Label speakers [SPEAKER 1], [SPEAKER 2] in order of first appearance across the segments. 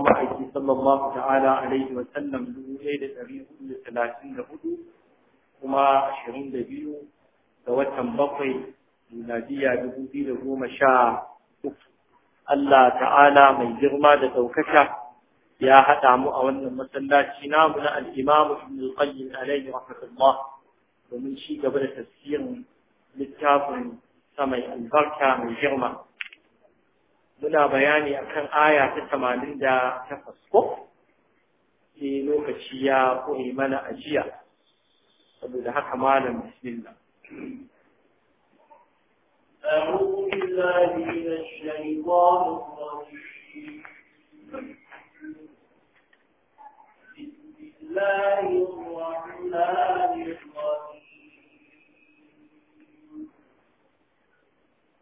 [SPEAKER 1] hijiran ma'aiki sallallahu ta'ala alaihi wa sallam dubu ɗaya da ɗari hudu da talatin da hudu kuma ashirin da biyu ga watan bakwai miladiya dubu biyu da goma sha uku Allah ta'ala mai girma da ɗaukaka ya haɗa mu a wannan masallaci namu na al'imamu ibn al-qayyim alaihi rahmatullah domin ci gaba da tafsirin littafin mai albarka mai girma muna bayani akan aya ta tamanin da takwas ko ke lokaci ya koyi mana ajiya saboda haka malam bismillah أعوذ بالله من الشيطان الرجيم بسم الله الرحمن الرحيم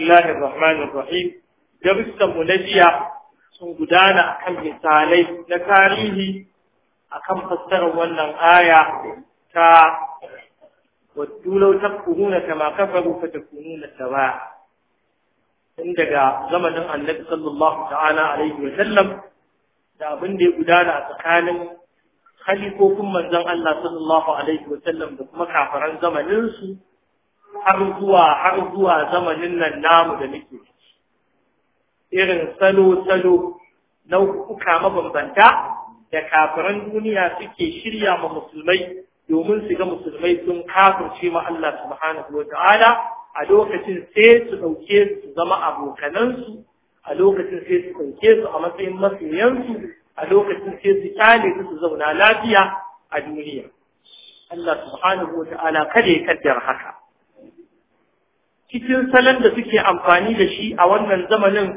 [SPEAKER 1] الله الرحمن الرحيم درس منجية سنقدانا أكم مثالي لتاريه أكم فسر ونن آية تا ودولو تكفرون كما كفروا فتكونون سواء daga zamanin annabi sallallahu ta'ala alaihi wa sallam da abin da ya gudana a tsakanin halifofin manzon Allah sallallahu alaihi wa sallam da kuma kafaran zamaninsu. har zuwa har zuwa zamanin nan namu da muke irin salo-salo na hukuka mabambanta da kafiran duniya suke shirya ma musulmai domin su ga musulmai sun kafirce ma Allah subhanahu wa ta'ala a lokacin sai su ɗauke su zama abokanansu a lokacin sai su ɗauke su a matsayin masoyansu a lokacin sai su kyale su zauna lafiya a duniya Allah subhanahu wa ta'ala kada ya kaddar haka cikin salon da suke amfani da shi a wannan zamanin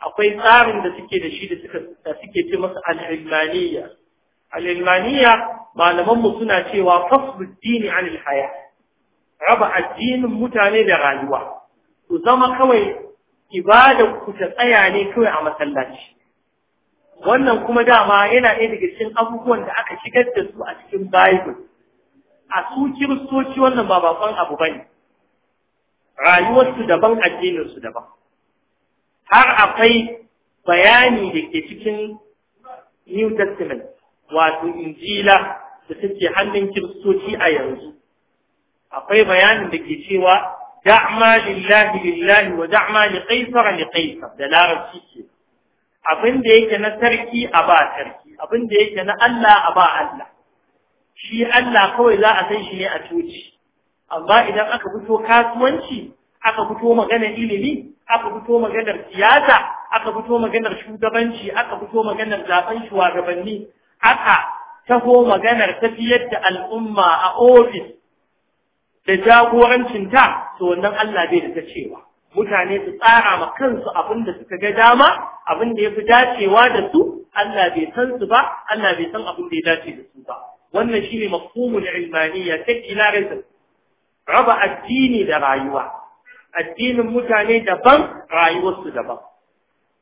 [SPEAKER 1] akwai tsarin da suke da shi da suke ce masa al'ilmaniya al'ilmaniya malamanmu suna cewa fasbu dini an haya raba addinin mutane da rayuwa ku zama kawai ibada ku ta tsaya ne kawai a masallaci wannan kuma dama yana ɗaya daga cikin abubuwan da aka shigar da su a cikin bible a su kiristoci wannan ba bakon abu ne. rayuwarsu daban addininsu daban har akwai bayani da ke cikin New Testament wato Injila da take hannun Kiristoci a yanzu akwai bayanin da ke cewa da'ma lillahi lillahi wa da'ma li qaisar li qaisar da larabci ke abin da yake na sarki a ba sarki abin da yake na Allah a ba Allah shi Allah kawai za a san shi ne a coci amma idan aka fito kasuwanci aka fito maganar ilimi aka fito maganar siyasa aka fito maganar shugabanci aka fito maganar zaben shugabanni aka taho maganar tafiyar da al'umma a ofis da jagorancin ta to wannan Allah bai da ta cewa mutane su tsara ma kansu abin da suka ga dama abin da ya fi dacewa da su Allah bai san su ba Allah bai san abin da ya dace da su ba wannan shine mafhumul ilmaniyya ta ilarin raba addini da rayuwa addinin mutane daban rayuwarsu daban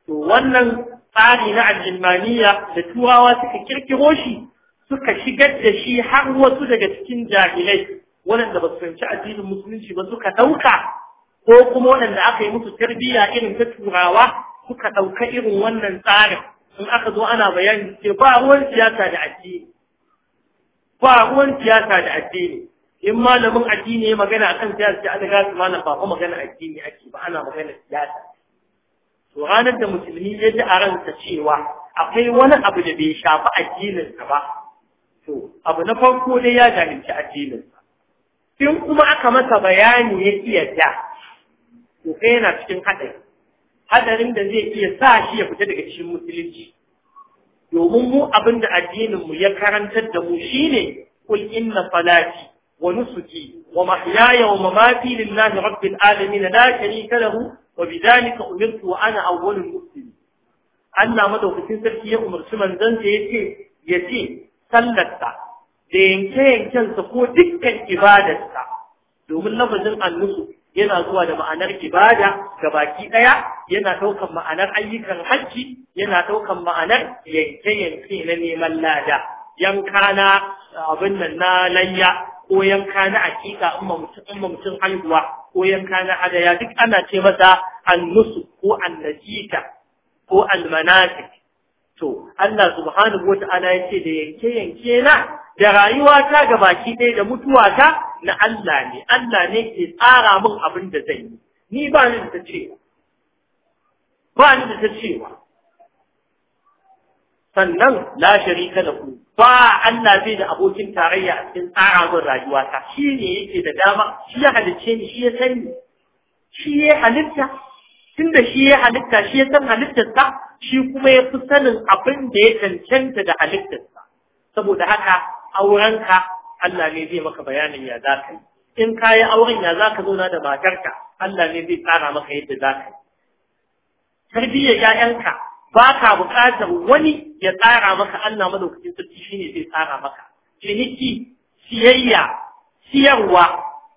[SPEAKER 1] to wannan tsari na aljilmaniya da turawa suka kirkiro shi suka shigar da shi har wasu daga cikin jahilai waɗanda ba su fahimci addinin musulunci ba suka ɗauka ko kuma waɗanda aka yi musu tarbiyya irin ta turawa suka ɗauka irin wannan tsarin in aka zo ana bayani ce ba ruwan siyasa da addini ba ruwan siyasa da addini in malamin addini ya magana a kan siyasa sai an ga su malam ba magana addini ake ba ana magana siyasa to ranar da musulmi ya ji a ransa cewa akwai wani abu da bai shafi addininsa ba to abu na farko dai ya jahilci addininsa in kuma aka masa bayani ya iya ja to kai yana cikin haɗari Haɗarin da zai iya sa shi ya fita daga cikin musulunci domin mu abin da addininmu ya karantar da mu shine kul inna salati ونسكي ومحياي ومماتي لله رب العالمين لا شريك له وبذلك أمرت وأنا أول المسلمين Allah madaukakin sarki ya umarci manzon sa yace yace sallarsa da yanke yanken sa ko dukkan ibadarsa domin lafazin annusu yana zuwa da ma'anar ibada ga baki ɗaya, yana daukan ma'anar ayyukan hajji yana daukan ma'anar yanke yanke na neman lada yanka yankana abin nan na layya ko yanka na aƙiƙa in ma mutum haihuwa ko yanka na adaya duk ana ce masa annusu ko annajita ko almanafi to Allah subhanahu wata'ala ya ce da yanke yanke na da rayuwa ta ga baki ɗaya da mutuwa ta na Allah ne Allah ne ke tsara min abin da zan yi ni ba ni da ta cewa ba ni da ta cewa sannan la sharika ku ba Allah zai da abokin tarayya a cikin rayuwa ta. shi ne yake da dama shi ya halicce ni shi ya sani shi ya halitta Tun da shi ya halitta shi ya san halittarsa shi kuma ya fi sanin abin da ya cancanta da halittarsa saboda haka aurenka Allah ne zai maka bayanin ya za ka yi in ka yi auren ya za ka zauna da matarka Allah ne zai tsara maka yadda za ka yi tarbiyyar 'ya'yanka ba ka buƙatar wani ya tsara maka Allah madaukakin sarki ne zai tsara maka ciniki siyayya siyarwa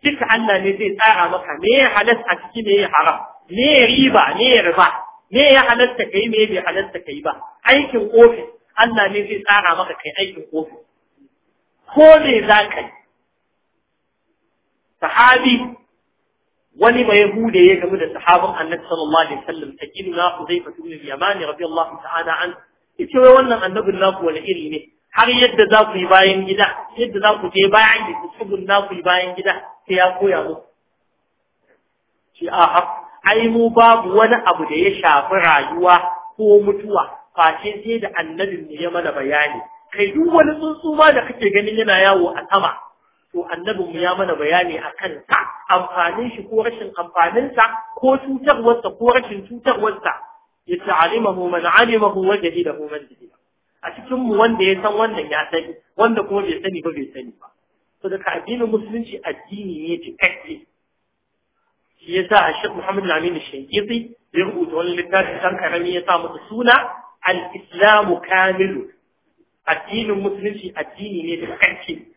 [SPEAKER 1] duka Allah ne zai tsara maka me ya halatta a ciki me ya haram me ya riba me ya riba me ya halatta kai me bai halatta kai ba aikin ofis Allah ne zai tsara maka kai aikin ofis ko me za ka yi sahabi wani mai yahude ya game da sahabban annabi sallallahu alaihi wasallam sakiduna huzaifa ibn al-yaman radiyallahu ta'ala an yace wai wannan annabin naku wani iri ne har yadda za ku yi bayan gida yadda za ku je bayan gida tsubun na ku yi bayan gida sai ya koya muku shi a ai mu babu wani abu da ya shafi rayuwa ko mutuwa face sai da annabin ne ya mana bayani kai duk wani tsuntsu ma da kake ganin yana yawo a sama to annabin mu ya mana bayani akan ta amfanin shi ko rashin amfanin sa ko cutarwar sa ko rashin cutarwar sa yace alimahu man alimahu wa jahilahu man jahila a cikin mu wanda ya san wannan ya sani wanda kuma bai sani ba bai sani ba to daga addinin musulunci addini ne cikakke shi yasa a Sheikh Muhammad Lamin Shaykiti ya rubuta wani littafi san karami ya sa masa suna al-islamu kamilu addinin musulunci addini ne cikakke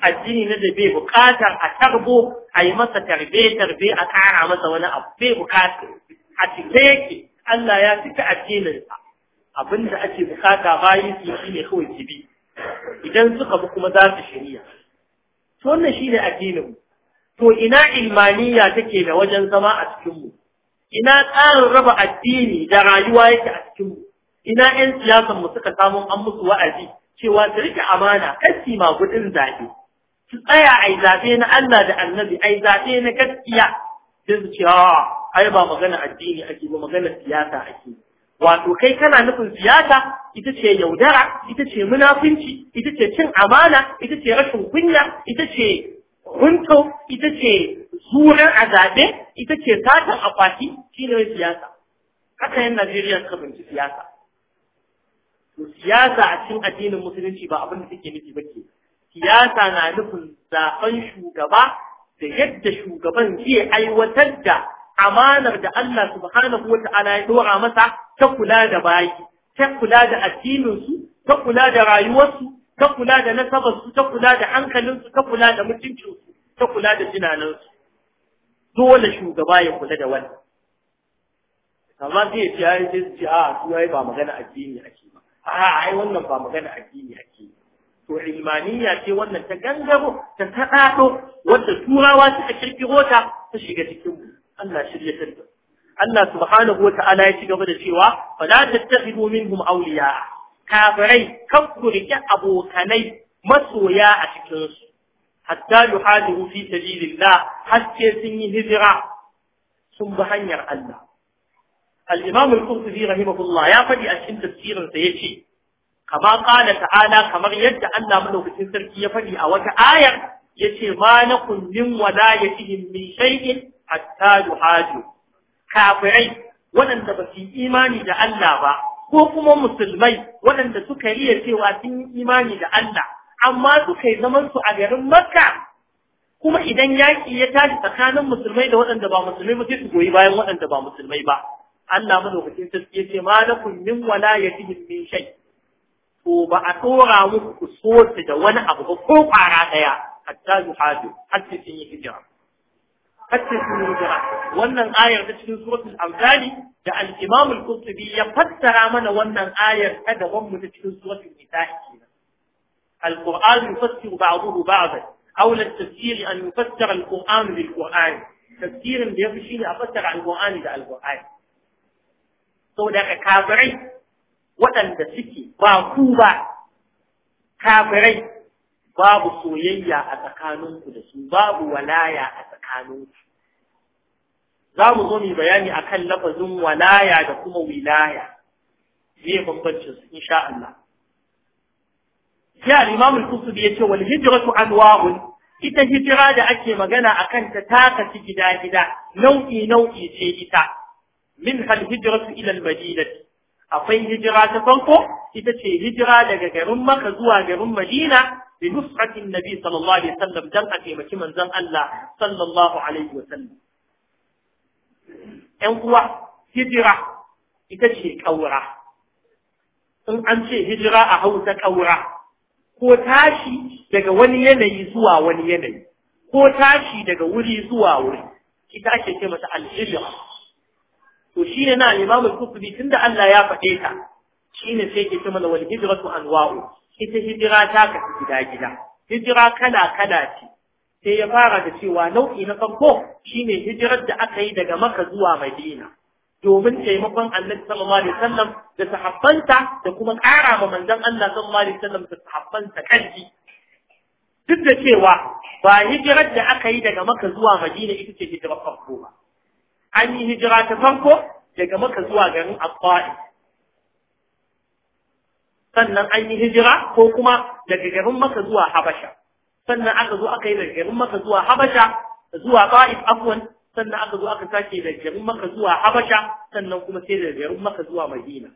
[SPEAKER 1] addini na da bai bukatar a tarbo a yi masa tarbe tarbe a kara masa wani abu bai bukata a cike yake Allah ya cika addininsa abinda ake bukata bayi su ne kawai jibi. idan suka bi kuma za su shirya to wannan shine addinin mu to ina imaniya take da wajen zama a cikin mu ina tsarin raba addini da rayuwa yake a cikin mu ina 'yan siyasan mu suka samu an musu wa'azi cewa su rike amana kasi ma gudun zaɓe su tsaya a zafe na Allah da annabi a zafe na gaskiya sai su ce ah, ai ba magana addini ake ba magana siyasa ake wato kai kana nufin siyasa ita ce yaudara ita ce munafunci ita ce cin amana ita ce rashin kunya ita ce hunto ita ce zuran a zaɓe ita ce satan akwati shi ne siyasa haka yan Najeriya suka binci siyasa to siyasa a cikin addinin musulunci ba abin da take nufi ba ke siyasa na nufin zaben shugaba da yadda shugaban zai aiwatar da amanar da Allah subhanahu wa ta'ala ya dora masa ta kula da bayi ta kula da addininsu ta kula da rayuwarsu ta kula da nasabarsu ta kula da hankalinsu ta kula da mutuncinsu ta kula da tunanansu dole shugaba ya kula da wannan amma zai ce ai sai su ce ba magana addini ake ba A'a, ai wannan ba magana addini ake ba to ilmaniya ce wannan ta gangaro ta taɗaɗo wadda turawa suka kirkiro ta ta shiga cikin Allah shirya ta Allah subhanahu wa ta'ala ya ci gaba da cewa fala tattakhidu minhum awliya kafirai kan ku rike abokanai masoya a cikin su hatta yuhadiru fi sabilillah haske sun yi hijira sun bi hanyar Allah al-imam al-qurtubi rahimahullah ya faɗi a cikin tafsirinsa yace kama qala ta'ala kamar yadda Allah madaukakin sarki ya faɗi a wata ayar yace ma nakum min walayatihim min shay'in hatta yuhaju kafirai waɗanda ba imani da Allah ba ko kuma musulmai waɗanda suka riya cewa sun imani da Allah amma suka yi zaman su a garin Makka kuma idan yaƙi ya tashi tsakanin musulmai da waɗanda ba musulmai ba sai goyi bayan waɗanda ba musulmai ba Allah madaukakin sarki yace ma lakum min walayatihim min shay to ba a tsora muku ku sosu da wani abu ba ko kwara daya hatta yuhadu hatta sun yi hijira hatta sun yi hijira wannan ayar ta cikin suratul amsali da al-imam al-qurtubi ya fassara mana wannan ayar ta daban mu ta cikin suratul nisa'i kenan al-qur'an yufassiru ba'dahu ba'dan aula at-tafsir an yufassara al-qur'an bil-qur'an tafsirin da yafi shine a fassara al-qur'ani da al-qur'ani saboda kafirai waɗanda suke ba ku ba kafirai babu soyayya a tsakaninku da su babu walaya a tsakaninku za mu zo mai bayani akan lafazin walaya da kuma wilaya ne bambancin su insha Allah ya Imam al ya ce wal hijratu anwa'un ita hijira da ake magana akan ta taka gida gida nau'i nau'i ce ita min hal hijratu ila al-madinati akwai hijira ta farko ita ce hijira daga garin maka zuwa garin Madina bi nusratin Nabi sallallahu alaihi wasallam dan a taimaki manzon Allah sallallahu alaihi wasallam ƴan uwa hijira ita ce kaura in an ce hijira a Hausa kaura ko tashi daga wani yanayi zuwa wani yanayi ko tashi daga wuri zuwa wuri ita ake ce mata al-hijra to ne na Imam al tun da Allah ya faɗe ta ne sai ke cewa wal hijratu anwa'u ita hijira ta ka gida gida hijira kala kala ce sai ya fara da cewa nau'i na farko shi ne hijirar da aka yi daga maka zuwa Madina domin taimakon Annabi sallallahu alaihi wasallam da sahabbanta da kuma ƙara ma manzon Allah sallallahu alaihi wasallam da sahabbanta kanji duk da cewa ba hijirar da aka yi daga maka zuwa Madina ita ce hijirar farko ba an yi hijira ta farko daga maka zuwa garin abba'i sannan an yi hijira ko kuma daga garin maka zuwa habasha sannan aka zo aka yi daga garin maka zuwa habasha zuwa ba'if afwan sannan aka zo aka sake daga garin maka zuwa habasha sannan kuma sai daga garin maka zuwa madina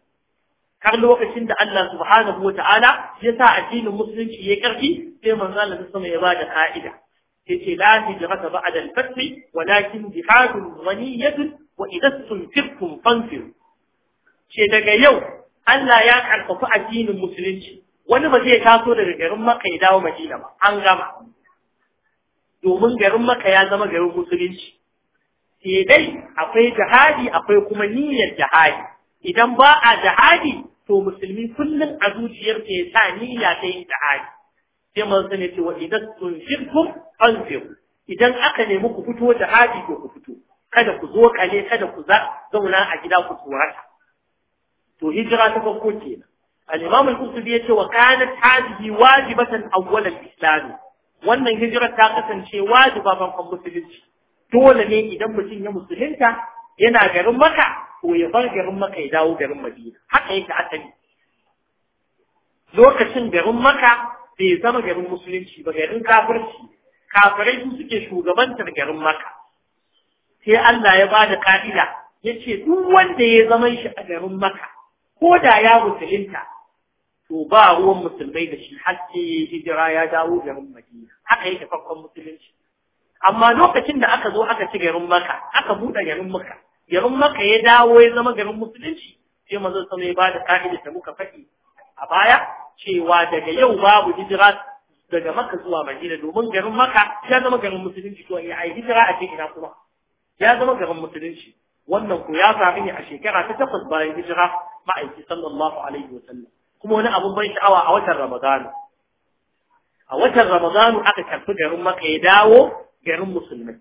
[SPEAKER 1] har lokacin da Allah subhanahu wa ta'ala ya sa addinin musulunci ya karfi sai manzo Allah sama ya bada ka'ida yace la hijrata ba'da al-fath walakin jihadun waniyatun wa idza tunfiqtum fanfiru ce daga yau Allah ya karfafa addinin musulunci wani ba zai taso daga garin Makka ya dawo Madina ba an gama domin garin Makka ya zama garin musulunci sai dai akwai jihadi akwai kuma niyyar jihadi idan ba a jihadi to musulmi kullum a zuciyarsa ya sa niyya ta yin jihadi sai manzon ya ce wa idan tunfiqkum anfiqu idan aka nemi ku fito da haji ko ku fito kada ku zo kale kada ku zauna a gida ku tsorata to hijira ta farko kenan al-imam al-qurtubi yace wa kanat hadhihi wajibatan awwal al-islam wannan hijira ta kasance wajiba kan musulunci dole ne idan mutum ya musulunta yana garin maka ko ya bar garin maka ya dawo garin madina haka yake asali lokacin garin maka bai zama garin musulunci ba garin kafirci kafirai su suke shugabantar garin maka sai Allah ya bada ka'ida ya ce duk wanda ya zama shi a garin maka ko da ya musulunta to ba ruwan musulmai da shi har hijira ya dawo garin madina haka yake farkon musulunci amma lokacin da aka zo aka ci garin maka aka buɗe garin maka garin maka ya dawo ya zama garin musulunci sai manzon sama ya bada ka'ida da muka faɗi a baya cewa daga yau babu hijira daga maka zuwa Madina domin garin maka ya zama garin musulunci to ya eh, ai hijira a cikin ina kuma ya zama garin musulunci wannan ko ya faru ne a shekara ta takwas bayan hijira ma'aiki sallallahu alaihi wa sallam kuma wani abun ban sha'awa a watan Ramadan a watan Ramadan aka karfi garin maka ya dawo garin musulmai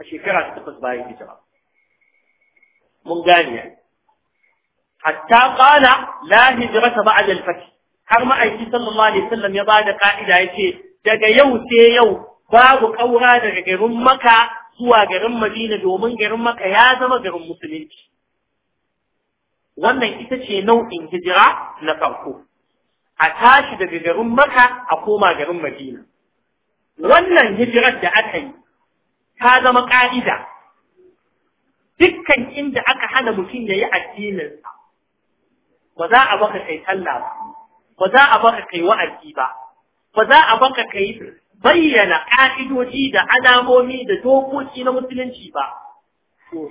[SPEAKER 1] a shekara ta takwas bayan hijira mun gane hatta qala la hijrata ba'da al-fath har ma'aiki sallallahu alaihi wasallam ya bada ka'ida yace daga yau sai yau babu kaura daga garin maka zuwa garin madina domin garin maka ya zama garin musulunci wannan ita ce nau'in hijira na farko a tashi daga garin maka a koma garin madina wannan hijirar da aka yi ta zama ƙa'ida dukkan inda aka hana mutum ya yi addininsa ba za a baka kai talla ba ba za a baka kai wa'azi ba ba za a baka kai bayyana ka'idoji da alamomi da dokoki na musulunci ba to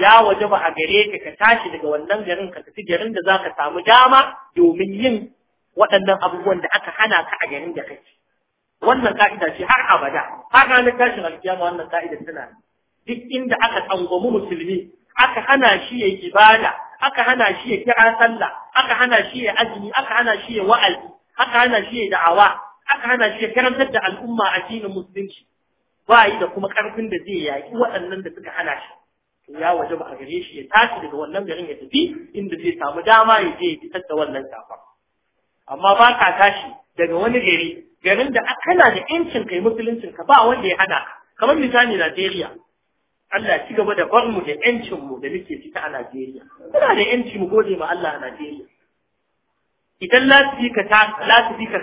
[SPEAKER 1] ya waje ba a gare ka ka tashi daga wannan garin ka tafi garin da za ka samu dama domin yin waɗannan abubuwan da aka hana ka a garin da kake wannan ka'ida ce har abada har ranar tashin alkiyama wannan ka'idar tana duk inda aka tsangwamu musulmi aka hana shi yayi ibada aka hana shi ya kira sallah aka hana shi ya azumi aka hana shi ya wa'azi aka hana shi ya da'awa aka hana shi ya karantar da al'umma addinin musulunci ba yi da kuma karfin da zai yaki waɗannan da suka hana shi ya waje ba a gare shi ya tashi daga wannan garin ya tafi inda zai samu dama ya je ya fitar da wannan safar amma ba ka tashi daga wani gari garin da kana da yancin kai musuluncinka ka ba wanda ya hana ka kamar misali Najeriya Allah ci gaba da bar mu da yancin mu da muke ciki a Najeriya muna da yanci mu gode ma Allah a Najeriya idan lasifika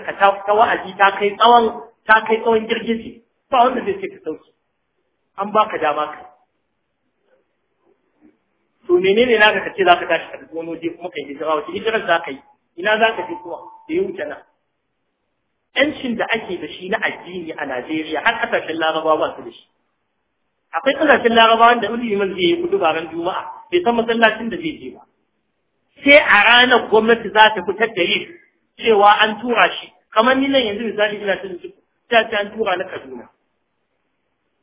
[SPEAKER 1] ka ta wa'azi ta kai tsawon ta kai tsawon girgije ba wanda zai ce ka sauki an ba ka dama ka to menene naka kace zaka tashi ka tafi wani waje kuma kai hijira wace hijirar ka yi ina za ka je kuma da ya wuce nan yancin da ake da shi na addini a Najeriya har kasashen Larabawa ba su da shi akwai kasashen larabawan da ilimin zai yi kudu baran juma'a bai san masallacin da zai je ba sai a ranar gwamnati za ta fitar da yin cewa an tura shi kamar ni nan yanzu misali ina cin ta ce an tura na kaduna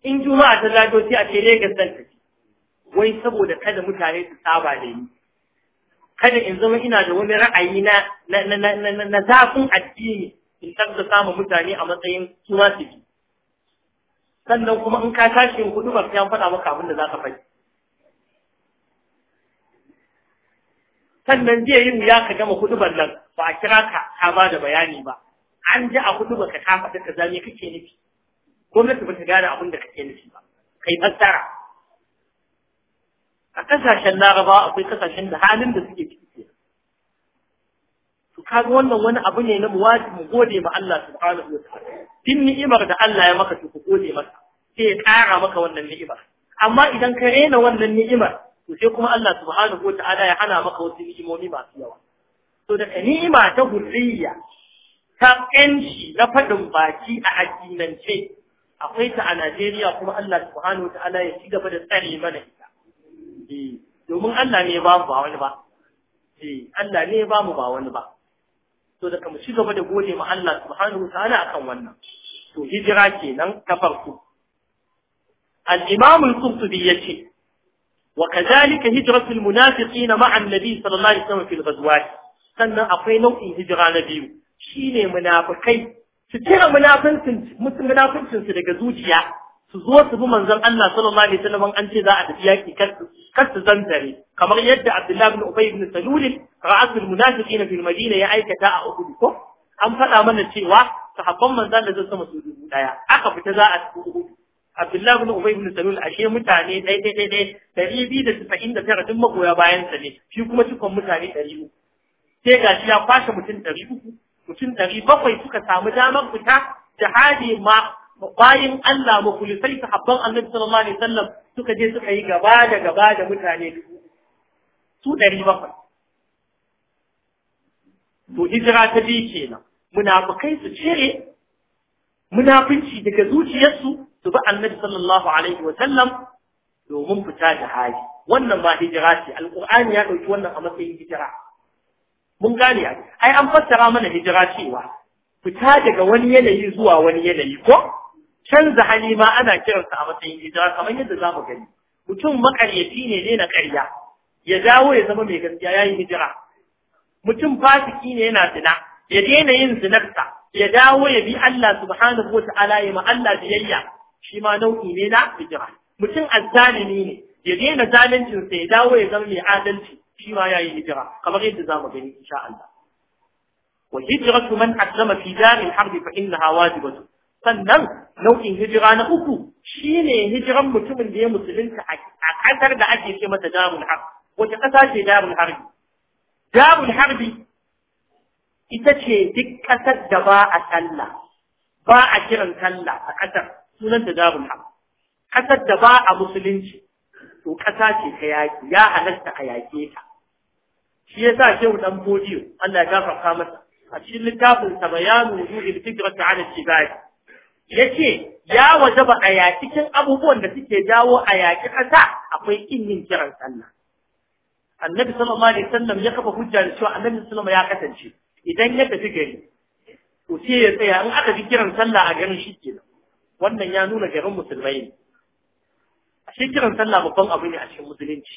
[SPEAKER 1] in juma'a ta zago sai a ce lagos zan tafi wai saboda kada mutane su saba da ni kada in zama ina da wani ra'ayi na na zafin addini in tabbata samun mutane a matsayin su ma su bi sannan kuma in ka tashi in kudu ba ya faɗa maka abin da za ka faɗi sannan jiya, yin wuya ka gama ban nan ba a kira ka ka ba da bayani ba an ji a hudubar ka ka faɗi ka zame kake nufi gwamnati ba ta gane abin da kake nufi ba kai fassara a kasashen laraba akwai kasashen da halin da suke ciki kaga wannan wani abu ne na muwaji mu gode ma Allah subhanahu wa ta'ala din ni'imar da Allah ya maka to ku gode masa sai ya ƙara maka wannan ni'imar amma idan ka rena wannan ni'imar to sai kuma Allah subhanahu wa ta'ala ya hana maka wasu ni'imomi masu yawa to da ni'ima ta hurriya ta ƙanci na faɗin baki a addinance akwai ta a Najeriya kuma Allah subhanahu wa ta'ala ya ci gaba da tsare mana ita eh, domin Allah ne ba mu ba wani ba eh, Allah ne ba mu ba wani ba to daga mu ci gaba da gode ma Allah subhanahu wa ta'ala akan wannan to hijira kenan ta farko al-imam al-qurtubi yace wa kadhalika hijratu al-munafiqina ma'a an-nabi sallallahu alaihi wasallam fil ghazwat sannan akwai nau'in hijira na biyu shine munafikai su cire munafincin mutum daga zuciya su zo su bi manzon Allah sallallahu alaihi wasallam an ce za a tafi yaki kansu kar su zantare kamar yadda Abdullahi bin Ubay bin Salul ra'atul munafiqina fil Madina ya aikata a Uhud ko an faɗa mana cewa sahabban manzon da zai sama su dubu daya aka fita za a tafi Uhud Abdullahi bin Ubay bin Salul ashe mutane dai dai dai dari biyu da tasa'in da tara duk magoya bayan sa ne shi kuma cikon mutane ɗari uku sai gashi ya kwashe mutum ɗari uku mutum ɗari bakwai suka samu damar fita jihadi ma bayan Allah makulisai habban annabi sallallahu alaihi wasallam suka je suka yi gaba da gaba da mutane dubu su ɗari bakwai to hijira ta biyu kenan munafukai su cire munafunci daga zuciyarsu su bi annabi sallallahu alaihi wasallam domin fita da hali wannan ba hijira ce alqur'ani ya ɗauki wannan a matsayin hijira mun gane ai an fassara mana hijira cewa fita daga wani yanayi zuwa wani yanayi ko canza hali ma ana kiransa a matsayin hijira kamar yadda za mu gani mutum makaryaci ne ne na karya ya dawo ya zama mai gaskiya ya yi hijira mutum fasiki ne yana zina ya daina yin zinarsa ya dawo ya bi Allah subhanahu wa ta'ala ya ma Allah biyayya shi ma nau'i ne na hijira mutum azzalimi ne ya daina zaluncinsa ya dawo ya zama mai adalci shi ma ya yi hijira kamar yadda za mu gani insha Allah wa hijratu man aslama fi daril harbi fa sannan nau'in hijira na uku shine hijiran mutumin da ya musulunta a ƙasar da ake ce mata darul harbi. wace ƙasa ce harbi darul harbi ita ce duk ƙasar da ba a sallah ba a kiran sallah a ƙasar sunanta darul harbi. ƙasar da ba a musulunci to ƙasa ce ta yaƙi ya halarta a yaƙe ta shi yasa shehu dan bodiyo Allah ya gafarta masa a cikin littafin sa bayanu wujuhil fikrati ala al yace ya ba a ya cikin abubuwan da suke jawo a yaki ƙasa akwai kin yin kiran sallah annabi sallallahu alaihi wasallam ya kafa hujja da cewa annabi sallallahu ya kasance idan ya tafi gari to sai ya tsaya in aka ji kiran sallah a garin shi kenan wannan ya nuna garin musulmai ne a shi kiran sallah babban abu ne a cikin musulunci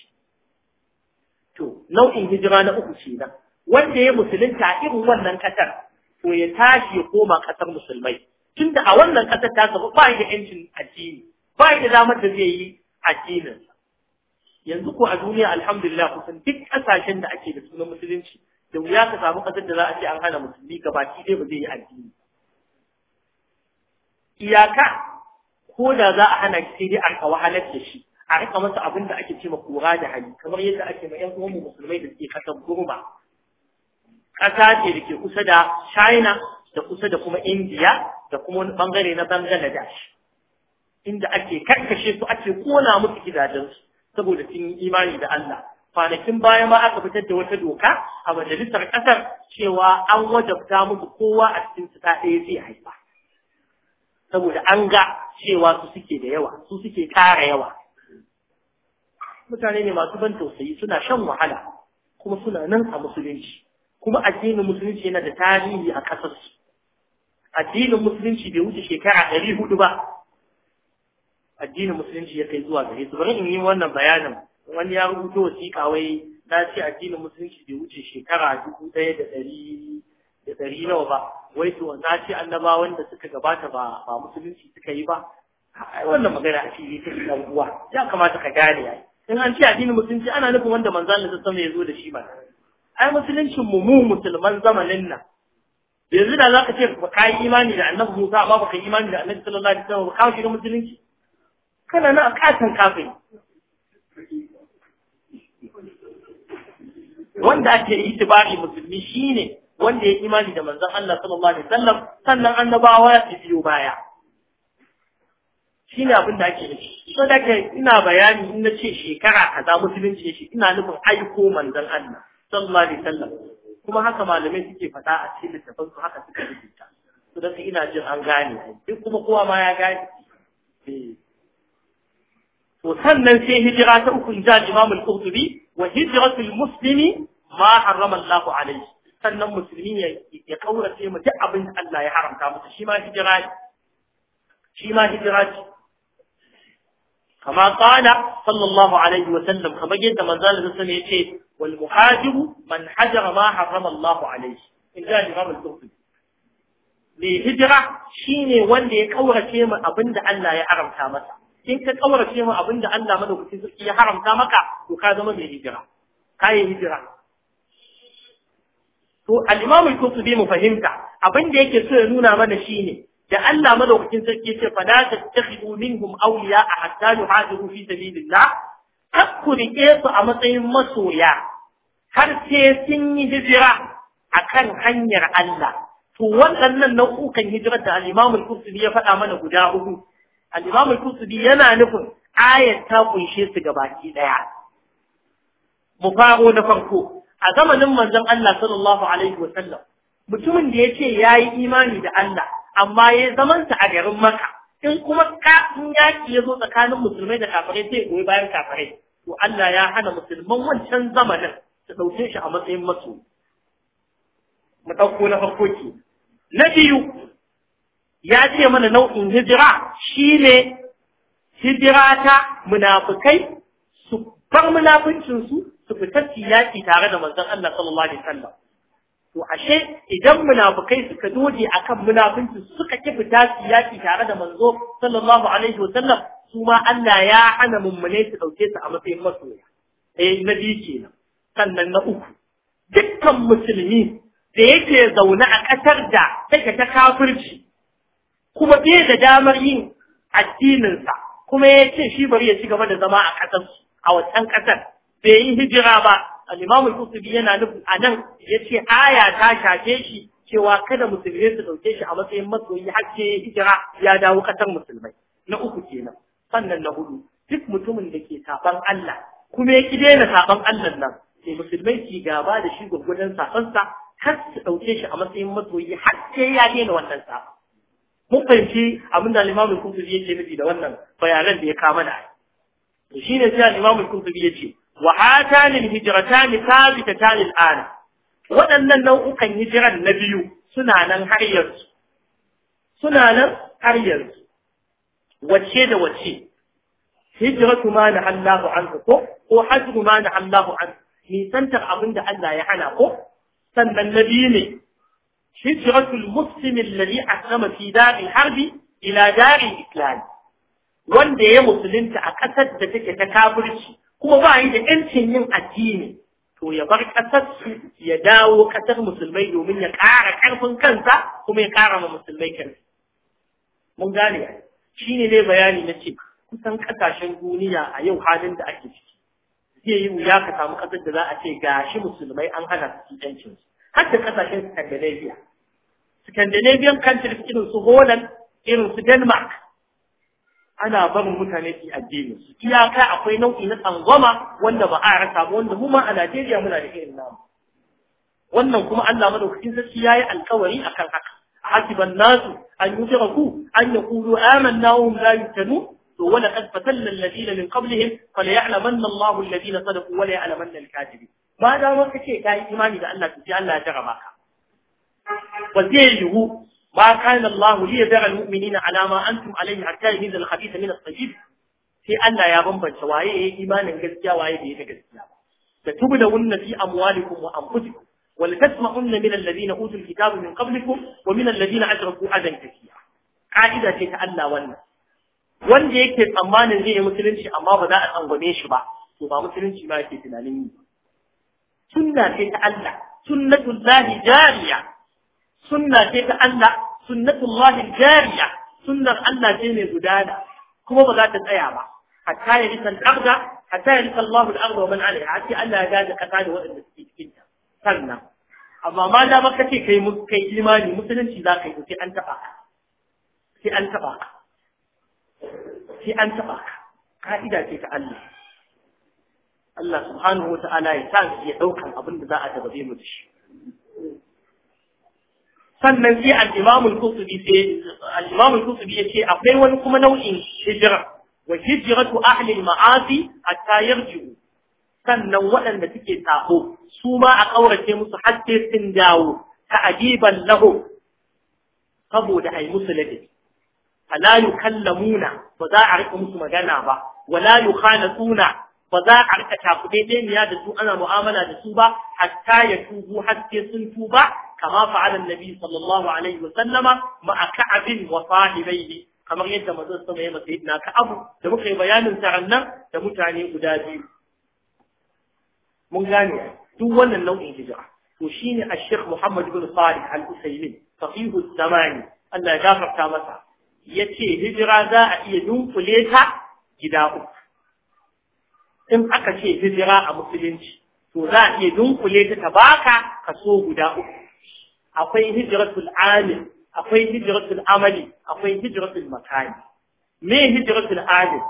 [SPEAKER 1] to nau'in hijira na uku kenan wanda ya musulunta irin wannan kasar to ya tashi ya koma kasar musulmai tunda a wannan ƙasar ta gaba ba da yancin addini ba da damar da zai yi addinin yanzu ko a duniya alhamdulillah kusan duk ƙasashen da ake da sunan musulunci da wuya ka samu ƙasar da za a ce an hana musulmi gabaki ɗaya ba zai yi addini iyaka ko da za a hana sai dai a wahalar da shi a rika masa abin da ake ma kura da hali kamar yadda ake ma ƴan uwanmu musulmai da suke kasar gurba ƙasa ce da ke kusa da china da kusa da kuma indiya da kuma wani bangare na bangaladesh inda ake karkashe su ake kona musu gidajensu saboda sun yi imani da allah kwanakin baya ma aka fitar da wata doka a majalisar kasar cewa an wajabta muku kowa a cikin su ta ɗaya zai haifa saboda an ga cewa su suke da yawa su suke kara yawa mutane ne masu ban tausayi suna shan wahala kuma suna nan a musulunci kuma addinin musulunci yana da tarihi a ƙasarsu addinin musulunci bai wuce shekara ɗari hudu ba addinin musulunci ya kai zuwa gare su bari in yi wannan bayanin wani ya rubuta wasiƙa wai na ce addinin musulunci bai wuce shekara dubu ɗaya da ɗari da ɗari nawa ba wai to na ce annabawan da suka gabata ba ba musulunci suka yi ba wannan magana a fili ta ɗan uwa ya kamata ka gane yayi in an ce addinin musulunci ana nufin wanda manzan da sallallahu alaihi ya zo da shi ba ai musuluncin mu mu musulman zamanin nan yanzu da za ka ce ka yi imani da annabi Musa amma ba ka yi imani da annabi sallallahu alaihi wasallam ba ka shiga musulunci kana na akatan kafin wanda ake yi tibari musulmi shine wanda ya imani da manzon Allah sallallahu alaihi wasallam sannan annabawa ya biyo baya shine abin da ake yi so da ke ina bayani in na ce shekara kaza musulunci shi ina nufin aiko manzon Allah sallallahu alaihi wasallam kuma haka malamai suke faɗa a cikin littafin su haka suka rubuta to dan ina jin an gane duk kuma kowa ma ya gane eh. to sannan sai hijira ta uku ja Imam al-Qurtubi wa hijratul muslimi ma harrama Allah alayhi sannan musulmi ya ya kaurace mu duk abin da Allah ya haramta masa shi ma hijira shi ma hijira kama kana sallallahu alaihi wa sallam kamar yadda manzo Allah sallallahu alaihi wal muhajiru man hajara ma harrama Allahu alaihi in ji Imam al mai hijira shine wanda ya kaurace mu abinda Allah ya haramta masa in ka kaurace mu abinda Allah madaukakin sarki ya haramta maka to ka zama mai hijira Ka yi hijira to al-Imam al-Qurtubi mu fahimta abinda yake so ya nuna mana shine da Allah madaukakin sarki ya ce fa la tattakhidu minhum awliya hatta yuhajiru fi sabilillah kar ku riƙe su a matsayin masoya har sai sun yi hijira a kan hanyar Allah to waɗannan nau'ukan hijirar da al'imamul imam ya faɗa mana guda uku alimamul imam yana nufin ayat ta kunshe su gabaki ɗaya. mu faro na farko a zamanin manzon Allah sallallahu alaihi wa sallam mutumin da yace yayi imani da Allah amma ya zamanta a garin Makka in kuma ka in yaki ya zo tsakanin musulmai da kafirai sai goyi bayan kafirai to Allah ya hana musulman wancan zamanin su dauke shi a matsayin masu mu dauko na farko na biyu ya ce mana nau'in hijira shine hijira ta munafikai su bar munafincin su su fita yaki tare da manzon Allah sallallahu alaihi to ashe idan munafukai suka doje akan munafinci suka kifita fita tare da manzo sallallahu alaihi wasallam su ma Allah ya hana mummune su dauke su a matsayin masoya eh na biyu kenan sannan na uku dukkan musulmi da yake zaune a ƙasar da take ta kafirci kuma bai da damar yin addininsa kuma ya ce shi bari ya ci gaba da zama a ƙasar a wancan ƙasar bai yi hijira ba al-Imam yana nufi. anan ce aya ta shafe shi cewa kada musulmai su ɗauke shi a matsayin masoyi har sai hijira ya dawo kasar musulmai na uku kenan sannan na hudu duk mutumin da ke saban Allah kuma ya ki daina saban Allah nan sai musulmai ki gaba da shi gwagwadon safansa kar su dauke shi a matsayin masoyi har sai ya daina wannan safa mun fahimci abin da al-Imam al-Qurtubi yake nufi da wannan bayanan da ya kama da shi ne sai al-Imam al yace wa hatani hijratani thabitatan al'ana waɗannan nau'ukan hijiran na biyu suna nan har yanzu suna da wacce hijratu ma na Allahu anka ko ko na Allahu anka nisantar abin da Allah ya hana ko sannan na biyu ne hijratul muslimin alladhi aslama fi harbi ila daril wanda ya musulunta a ƙasar da take ta kafirci kuma ba yi da ‘yancin yin addini, to ya bar ƙasarsu ya dawo ƙasar musulmai domin ya ƙara ƙarfin kansa kuma ya ƙara ma musulmai kansa. Mun gane, shi ne dai bayani na ce, kusan ƙasashen duniya a yau halin da ake ciki. Zai yi wuya ka samu ƙasar da za a ce gashi musulmai an hana su ‘yancinsu. Har da ƙasashen Scandinavia. Scandinavian countries irin su Holland, irin su Denmark, ana barin mutane su addini iyaka akwai nau'i na tsangwama wanda ba a rasa ba wanda mu ma a Najeriya muna da irin namu wannan kuma Allah madaukakin sarki yayi alƙawari akan haka hasiban nasu an yutraku an yaqulu amanna wa hum la yuftanu to wala qad fatanna alladhina min qablihim falyalamanna Allahu alladhina sadaqu wa layalamanna al-kadhibin ma da maka ce kai imani da Allah to sai Allah ya jarraba ka ba zai yiwu ما كان الله ليذر المؤمنين على ما أنتم عليه حتى Hadiza, الخبيث من الطيب sai Allah ya bambanta waye ya imanin gaskiya waye bai ta gaskiya da tubulawunna fi amwalikum wa anfusikum na tasma'unna min alladhina utul kitaba min qablikum wa min alladhina ashraku adan kathira ka'ida ce ta Allah wannan wanda yake tsammanin zai yi musulunci amma ba za a tsangwame shi ba ba musulunci yake tunanin yi ce ta Allah jariya sunna ce ta Allah sunnatullahi jariya sunnar Allah ce mai gudana kuma ba za ta tsaya ba hatta ya rikan arda hatta ya rikan Allahu al-arda wa man alaiha hatta Allah ya gaji kasa da waɗanda suke cikin ta sannan amma ma da baka ce kai kai imani musulunci za ka yi sai an taba ka sai an taba ka sai an taba ka ka'ida ce ta Allah Allah subhanahu wa ta'ala ya sa iya daukan abin da za a tababe mu da shi sannan sai al-Imam al ce sai akwai wani kuma nau'in hijira wa hijratu ahli al-ma'asi hatta yarji'u sannan waɗanda suke sako su ma a ƙaurace musu har sai sun dawo ta'diban laho. saboda yi musu ladabi fala yukallamuna ba za a rika musu magana ba wala yukhalatuna ba za a rika taku ɗaya da su ana mu'amala da su ba hatta ya tubu har sai sun tuba كما فعل النبي صلى الله عليه وسلم مع كعب وصاحبيه kamar yadda manzon sama ya masa na ka abu da muka yi bayanin sarannan da mutane guda biyu mun gane duk wannan nau'in hijira to shine Sheikh Muhammad bin Salih Al-Usaymin sahihu zamani Allah ya gafarta masa yace hijira za a iya dunkule ta gida uku in aka ce hijira a musulunci to za a iya dunkule ta ta baka kaso guda uku akwai hijratul amil akwai hijiratul amali akwai hijiratul makani me hijiratul amil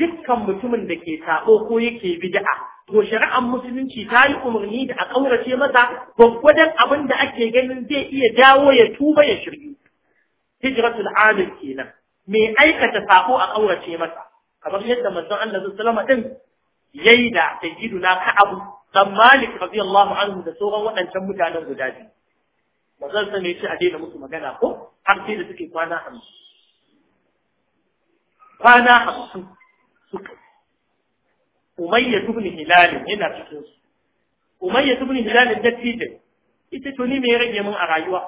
[SPEAKER 1] dukkan mutumin da ke sabo ko yake bid'a to shari'ar musulunci ta yi umarni da a kaurace masa gwaggwadon abin da ake ganin zai iya dawo ya tuba ya shirye hijratul amil kenan me aikata saƙo a kaurace masa kamar yadda manzon Allah sallallahu alaihi yayi da sayyiduna Ka'ab dan Malik radiyallahu anhu da sauran waɗancan mutanen guda biyu zan san ne shi a daina musu magana ko har sai da suke kwana hamsin kwana hamsin suka umayya ibn hilalin yana cikin su umayya ibn hilal dattijo ita to ni me rage min a rayuwa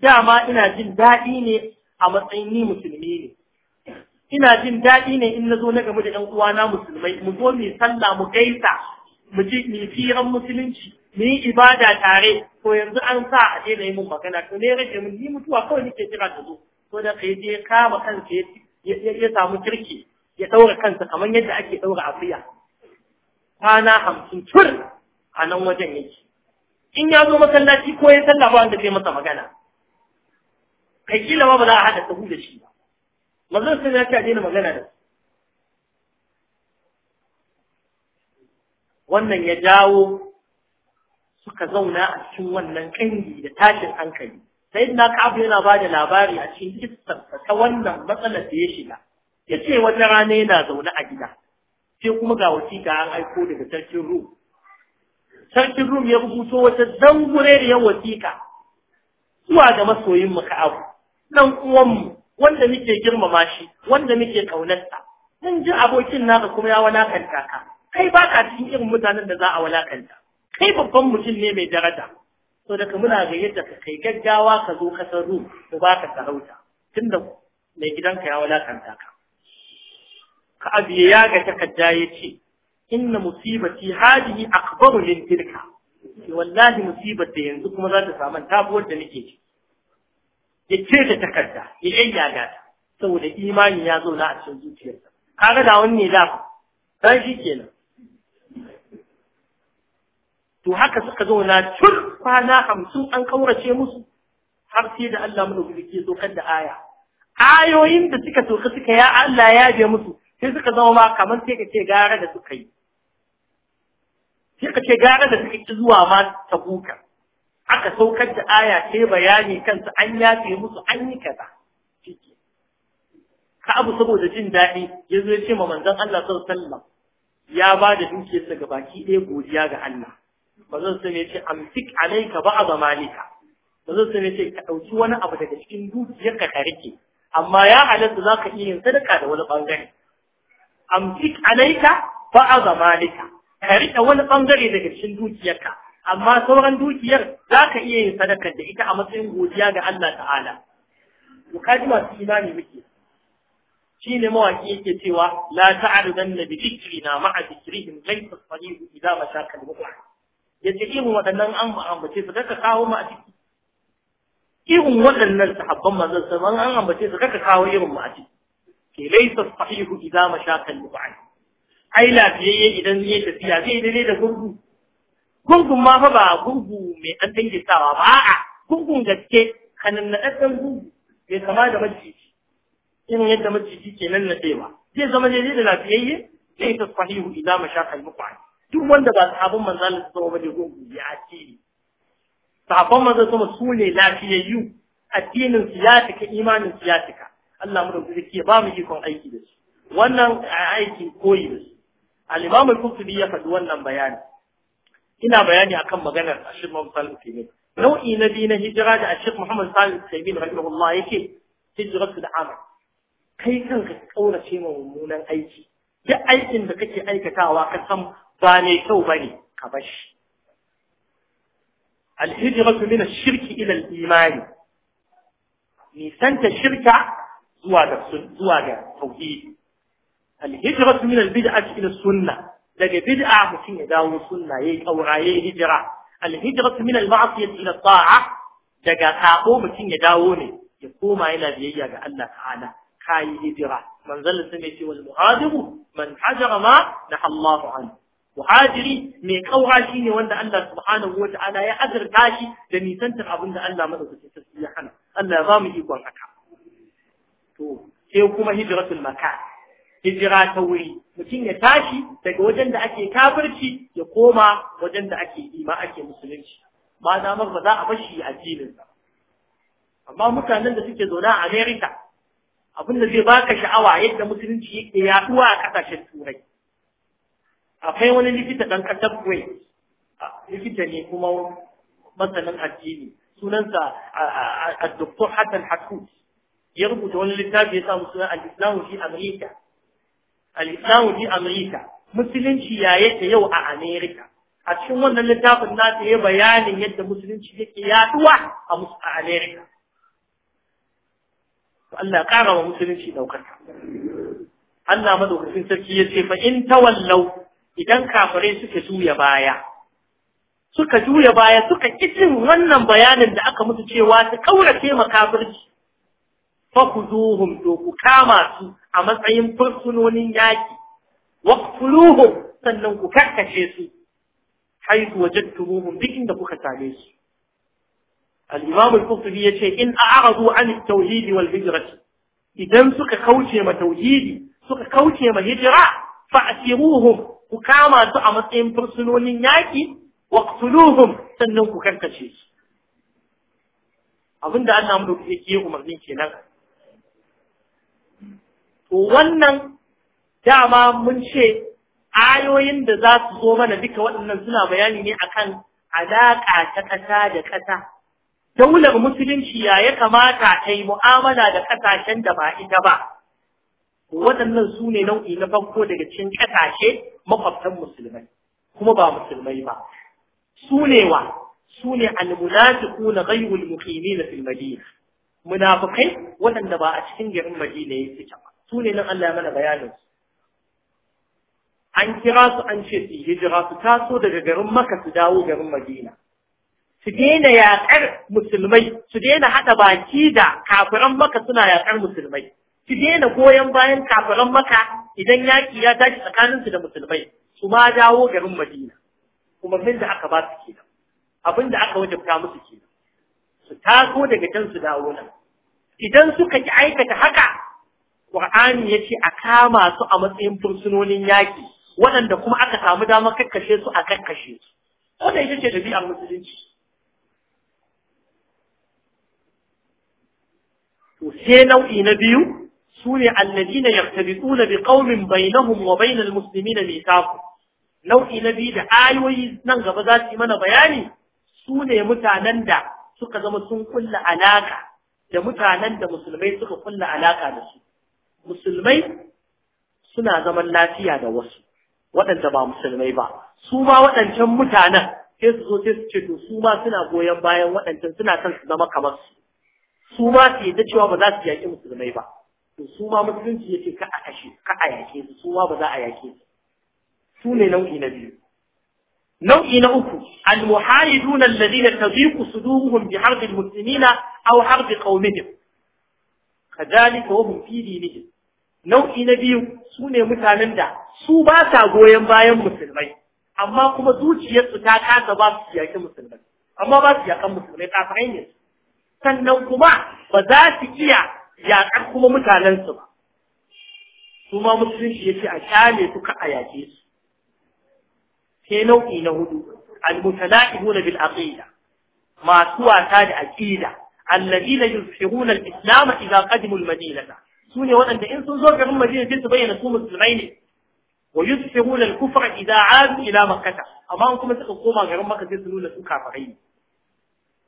[SPEAKER 1] dama ina jin daɗi ne a matsayin ni musulmi ne ina jin daɗi ne in na zo na game da ‘yan uwana musulmai mu zo mu sallah mu gaisa mu ji mu firan musulunci mu yi ibada tare to yanzu an sa a daina yi mun magana to ne rage mun ni mutuwa kawai nake kira da zo ko da kai je kama kansa ya samu kirki ya daura kansa kamar yadda ake daura afiya kwana hamsin tur a nan wajen yake in ya zo masallaci ko ya sallah ba wanda zai masa magana kai kila ba ba za a haɗa sahu da shi ba mazan sun ya ce a daina magana da su wannan ya jawo suka zauna a cikin wannan kangi da tashin hankali sai na kafin yana ba da labari a cikin kissarsa ta wannan matsalar da ya shiga ya ce wata rana yana zaune a gida sai kuma ga wasiƙa an aiko daga sarkin rum sarkin rum ya rubuto wata zangure da yan wasiƙa zuwa ga masoyin mu ka'abu dan uwanmu wanda muke girmama shi wanda muke ƙaunarsa mun ji abokin naka kuma ya wani kan ka kai ba ka cikin irin mutanen da za a walakanta kai babban mutum ne mai daraja to daga muna ga yadda ka kai gaggawa ka zo kasar ru mu ba ka sarauta tunda mai gidanka ya walakanta ka ka abiye ya ga takarda ya ce inna musibati hadihi akbaru min tilka wallahi musibar da yanzu kuma za ta samu tabuwar da nake ci. ya ce ta takarda ya yayyaga ta saboda imani ya zo na a cikin zuciyarsa kaga da wani ne da dan shi kenan to haka suka zauna tun kwana hamsin an kaurace musu har sai da Allah mana gudu ke saukar da aya ayoyin da suka soka suka ya Allah ya je musu sai suka zama ma kamar sai ka ce gara da suka yi sai ka ce gara da suka ci zuwa ma ta buka aka saukar da aya ke bayani kansu an yafe musu an yi kaza ka abu saboda jin daɗi ya zo ya ce ma manzon Allah sallallahu alaihi wasallam ya ba da dukiyarsa ga baki ɗaya godiya ga Allah bazan san yace amsik alayka Ba malika bazan san ce ka ɗauki wani abu daga cikin dukiyarka ka rike amma ya halatta zaka iya yin sadaka da wani bangare amsik alayka ba'd malika ka rike wani bangare daga cikin dukiyarka amma sauran dukiyar zaka iya yin sadaka da ita a matsayin godiya ga Allah ta'ala mukadima masu imani muke shi ne mawaƙi yake cewa la na bi na ma'a dhikrihim laysa as-salihu idha mashaka al ya ce irin waɗannan an ambace su kaka kawo mu a ciki irin waɗannan sahabban manzon sama an ambace su kaka kawo irin mu a ciki ke laisa sahihu idan mashakal mu'an ai lafiyayye idan ya tafiya zai dai da gurgu gungun ma fa ba gungu mai an sawa ba a'a gungun gaske kanin na ɗan gungu bai kama da majiji in yadda majiji ke nan na ɗewa zai zama daidai da lafiyayye zai ta sahihu idan mashakal mu'an duk wanda ba sahabban manzon Allah sallallahu zama wasallam da ya addini sahabban manzon sallallahu alaihi su ne lafiyayyu addinin su ya tuka imanin su ya tuka Allah mu da ku zake ba mu ikon aiki da su wannan aiki koyi da su al-Imam al-Qurtubi ya faɗi wannan bayani ina bayani akan maganar Ashir Muhammad Salih Taymin nau'i na biyu na hijira da Ashir Muhammad Salih Taymin rahimahullah yake hijirarsu da amal kai kanka kaurace ma mummunan aiki duk aikin da kake aikatawa ka san ba ne kyau ba ne ka bashi alhijiratu min ash-shirki ila al-iman nisanta shirka zuwa ga zuwa ga tauhid alhijiratu min al-bid'ati ila sunna daga bid'a mutum ya dawo sunna yayi kaura yayi hijira alhijiratu min al-ma'siyati ila ta'a daga sako mutum ya dawo ne ya koma yana biyayya ga Allah ta'ala kai hijira manzal sun ce wal muhajiru man hajara ma nahallahu anhu muhajiri mai ƙaura shine wanda Allah subhanahu wata'ala ya azurta shi da nisantar abin da Allah madaukakin sarki ya hana Allah ya ba mu ikon haka to sai kuma hijratul makan hijira ta wuri mutum ya tashi daga wajen da ake kafirci ya koma wajen da ake ma ake musulunci ba na mar ba za a bashi addinin sa amma mutanen da suke zaune a America abin da zai baka sha'awa yadda musulunci yake yaduwa a kasashen turai akwai wani likita ɗan ƙasar kuwait likita ne kuma masanin addini sunansa a doktor hassan hakus ya rubuta wani littafi ya samu suna al-islamu fi amerika al-islamu fi musulunci ya yake yau a amerika a cikin wannan littafin na ta yi bayanin yadda musulunci yake yaduwa a amerika Allah ƙara wa musulunci ɗaukaka Allah madaukakin sarki ya ce fa in tawallau idan kafirai suka juya baya suka juya baya suka kicin wannan bayanin da aka musu cewa su kaurace makafirci fa zuhum to ku kama su a matsayin fursunonin yaki wa quluhum sannan ku karkace su haythu wajadtumuhum duk inda kuka same su al-imam al-qurtubi yace in a'radu an at-tauhid wal hijrah idan suka kauce ma tauhidi suka kauce ma hijra fa'siruhum ku kama su a matsayin fursunonin yaƙi wa waqtuluhum sannan ku karkace su abinda Allah mu ya ke umarni kenan to wannan dama mun ce ayoyin da za su zo mana duka waɗannan suna bayani ne akan alaƙa ta ƙasa da ƙasa daular musulunci ya ya kamata ta yi mu'amala da ƙasashen da ba ita ba waɗannan su ne nau'i na farko daga cikin ƙasashe makwabtan musulmai kuma ba musulmai ba su ne wa su ne almunafiquna ghayrul muqimina fil madina munafikai waɗanda ba a cikin garin madina ya ta ba su ne nan Allah mana bayanin su an kira su an ce su hijira su taso daga garin maka su dawo garin Madina su daina yaƙar musulmai su daina haɗa baki da kafiran maka suna yaƙar musulmai ki daina goyon bayan kafiran maka idan yaki ya tashi tsakaninsu da musulmai su ma dawo garin madina umarnin da aka ba su kenan abin da aka wajabta musu kenan su taso daga can su dawo nan idan suka ki aikata haka Qur'ani ya ce a kama su a matsayin fursunonin yaki, waɗanda kuma aka samu damar kakkashe su a kakkashe su wannan ita ce ɗabi'ar musulunci to sai nau'i na biyu sune alladina yaqtabituna bi qaumin bainahum wa bainal muslimina mithaq nau'i na biyu da ayoyi nan gaba za su yi mana bayani sune mutanen suka zama sun kulla alaka da mutanen da musulmai suka kulla alaka da su musulmai suna zaman lafiya da wasu waɗanda ba musulmai ba waɗancan mutanen sai su zo sai su ce to su ma suna goyon bayan waɗancan suna son su zama kamar su su ma su yi ta cewa ba za su yaƙi musulmai ba to su ma musulunci yake ka a kashe ka a yake su su ma ba za a yake su su ne nau'i na biyu nau'i na uku al-muharidun alladhina tadhiqu suduruhum bi harbi al-muslimina aw harbi qaumihim kadhalika wa hum fi dinihim nau'i na biyu su ne mutanen da su ba sa goyon bayan musulmai amma kuma zuciyarsu ta kasa ba su yaƙi musulmai amma ba su yaƙan musulmai kafirai ne sannan kuma ba za su iya yaƙar kuma mutanensu ba su ma musulunci ya ce a kyale su ka a yaƙe su nau'i na hudu al-mutana'ibuna bil aqida masu wasa da aqida alladina yusfihuna al-islam idza qadimu al-madinata sune waɗanda in sun zo garin madina sai su bayyana su musulmai ne wa yusfihuna al-kufra idza aadu ila makkah amma kuma suka koma garin makka sai su nuna su kafirai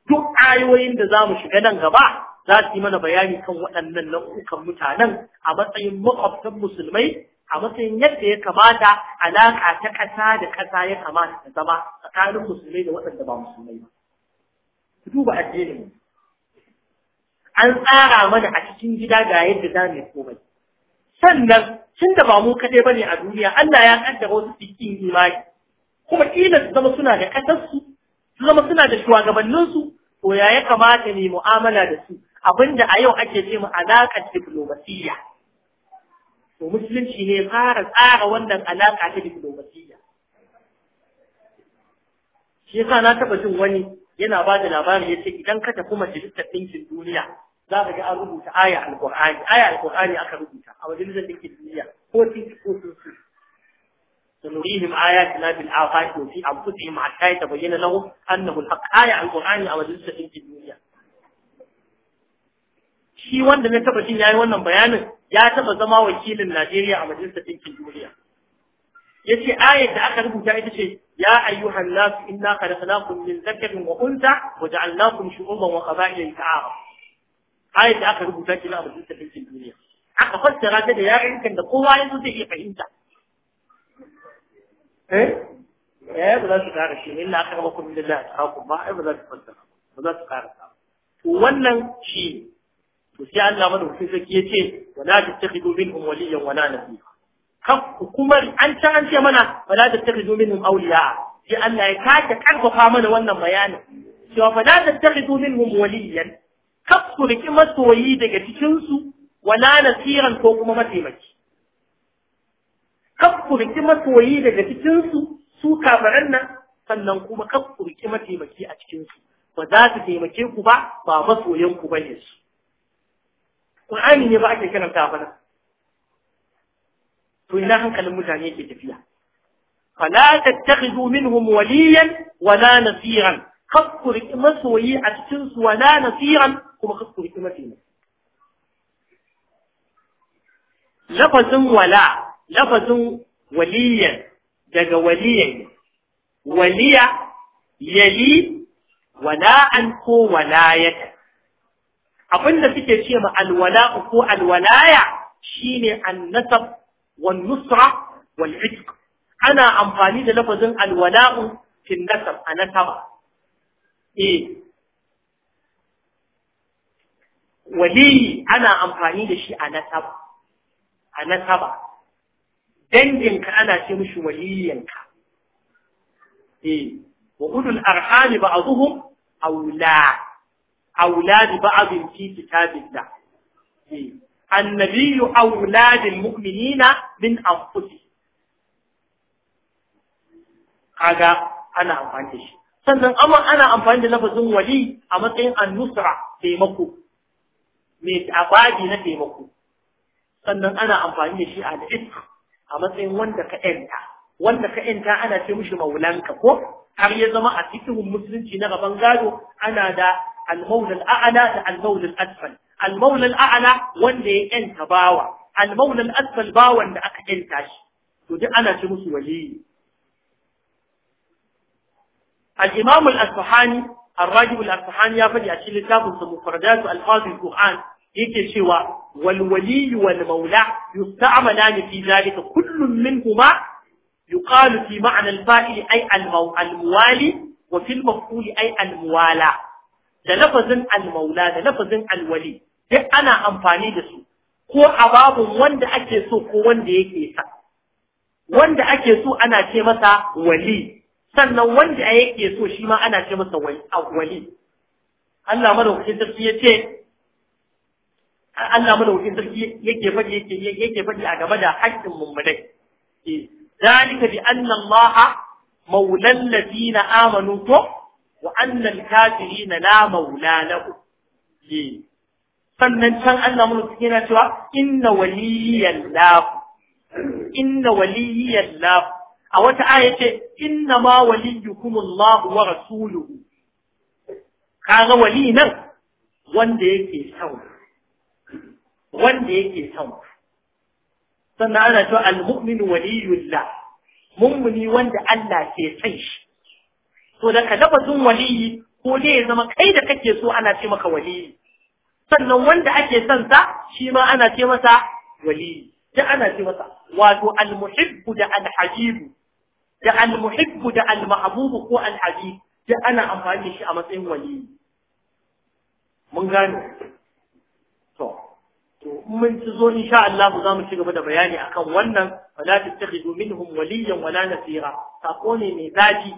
[SPEAKER 1] duk ayoyin da zamu shiga nan gaba za su yi mana bayani kan waɗannan nau'ukan mutanen a matsayin makwabtan musulmai a matsayin yadda ya kamata alaƙa ta ƙasa da ƙasa ya kamata ta zama tsakanin musulmai da waɗanda ba musulmai ba. Ku duba addinin mu. An tsara mana a cikin gida ga yadda za mu komai. Sannan tun da ba mu kaɗai ba ne a duniya Allah ya ƙaddara wasu cikin imani. Kuma ƙila su zama suna da ƙasarsu, su zama suna da shugabanninsu, to ya ya kamata ne mu'amala da su abinda a yau ake ce mu alaƙar diplomasiya, to musulunci ne fara tsara wannan alaƙa ta diplomasiya. shi yasa na taɓa jin wani yana ba da labari ya ce idan ka tafi majalisar ɗinkin duniya za ka ga an rubuta aya alƙur'ani aya alƙur'ani aka rubuta a majalisar ɗinkin duniya ko titi ko titi سنريهم آياتنا في الآفاق وفي أنفسهم حتى يتبين لهم أنه الحق آية القرآن أو الجزء ɗinkin duniya. shi wanda na taba jin yayi wannan bayanin ya taba zama wakilin Najeriya a Majalisar ɗinkin Duniya yace ayat da aka rubuta ita ce ya ayyuhan nas inna khalaqnakum min dhakarin wa unsa wa ja'alnakum shu'uban wa qaba'ila lita'arafu ayat da aka rubuta kina a Majalisar ɗinkin Duniya aka fassara ta da yarinkan da kowa yanzu zai iya fahimta eh eh ba za su kara shi illa aka raba kun lillahi ta'akum ba ai ba za su fassara ba za su kara ta wannan shi to sai Allah madaukakin sarki yace wala tattakhidu minhum waliya wala nabiyya kan hukumar an can an ce mana wala tattakhidu minhum awliya sai Allah ya kake karfafa mana wannan bayani cewa fala tattakhidu minhum waliyan kaf ku riki masoyi daga cikin su wala nasiran ko kuma mataimaki kaf ku riki masoyi daga cikin su su kafaran nan sannan kuma kaf ku riki mataimaki a cikin su ba za su taimake ku ba ba masoyan ku bane su Qur'ani ne ba ake karanta ba to ina hankalin mutane yake tafiya fala tattakhidu minhum waliyan wala nasiran kakku riki masoyi a cikin su wala nasiran kuma kakku riki ne lafazin wala lafazin waliyan daga waliyan waliya yali wala an ko walayata abinda suke ce ma alwala ko alwalaya shine annasab wan nusra wal itq ana amfani da lafazin alwala'u fi nasab a nasaba eh wali ana amfani da shi a nasaba dangin ka ana ce mishi waliyanka eh wa ulul arhami ba'dhum awla auladi ba'dhin fi kitabillah annabi auladi almu'minina min anfusih kaga ana amfani da shi sannan amma ana amfani da lafazin wali a matsayin annusra taimako mai abadi na taimako sannan ana amfani da shi a al'if a matsayin wanda ka yanta wanda ka yanta ana ce mishi maulanka ko har ya zama a cikin musulunci na gaban gado ana da المولى الأعلى ده المولى الأسفل المولى الأعلى وان أنت باوة المولى الأسفل باوة ان أنتاش ودي أنا شمس ولي الإمام الأسفحاني الراجب الأسفحاني يفضل أشيل الكتاب مفردات ألفاظ القرآن yake cewa walwali wal maula yusta'malani fi zalika kullun minhuma yuqalu fi ma'na al fa'il ay al muwali wa fi al maf'ul ay al muwala da lafazin al-maula da lafazin al-wali duk ana amfani da su ko a babun wanda ake so ko wanda yake sa wanda ake so ana ce masa wali sannan wanda yake so shi ma ana ce masa wali Allah madaukakin sarki yace Allah madaukakin sarki yake faɗi yake yake faɗi a gaba da haƙƙin mummunai eh, zalika bi anna Allah maulal ladina amanu ko wa annal kafirina la maula lahu sannan can Allah mun na cewa inna waliyallah inna waliyallah a wata aya ce inna ma Allah wa rasuluhu kaga wali nan wanda yake son wanda yake son sannan ana cewa almu'minu waliyullah mummuni wanda Allah ke san shi to da ka lafazin waliyi ko dai ya zama kai da kake so ana ce maka waliyi sannan wanda ake son sa shi ma ana ce masa waliyi da ana ce masa wato almuhibbu da alhabibu da almuhibbu da almahbubu ko alhabib da ana amfani da shi a matsayin waliyi mun gane to to mun ci zo insha Allah za mu ci gaba da bayani akan wannan wala tattakhidu minhum waliyan wala nasira sako ne mai zafi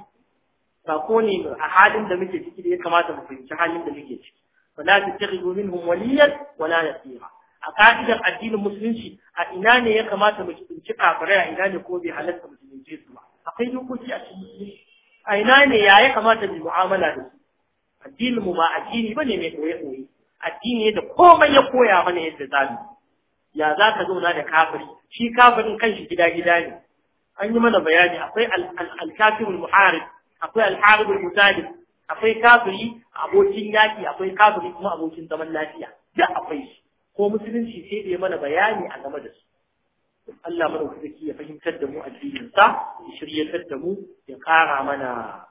[SPEAKER 1] Ba ko ne a halin da muke ciki da ya kamata mu fahimci halin da muke ciki wala tattakhidu minhum waliyan wala nasira a ka'idar addinin musulunci a ina ne ya kamata mu fahimci kafirai a ina ne ko bai halatta mu fahimce su ba akwai dokoki a cikin musulunci a ina ne ya ya kamata mu mu'amala da su addinin mu ba addini bane mai koye koye addini ne da komai ya koya mana yadda za mu ya za ka zauna da kafiri shi kafirin kanshi gida gida ne an yi mana bayani akwai al-kafirul muharib akwai alharibul mutalib akwai kafiri abokin yaki akwai kafiri kuma abokin zaman lafiya duk akwai shi ko musulunci sai da ya mana bayani a game da su Allah madaukaki ya fahimtar da mu addinin sa ya shiryatar da mu ya kara mana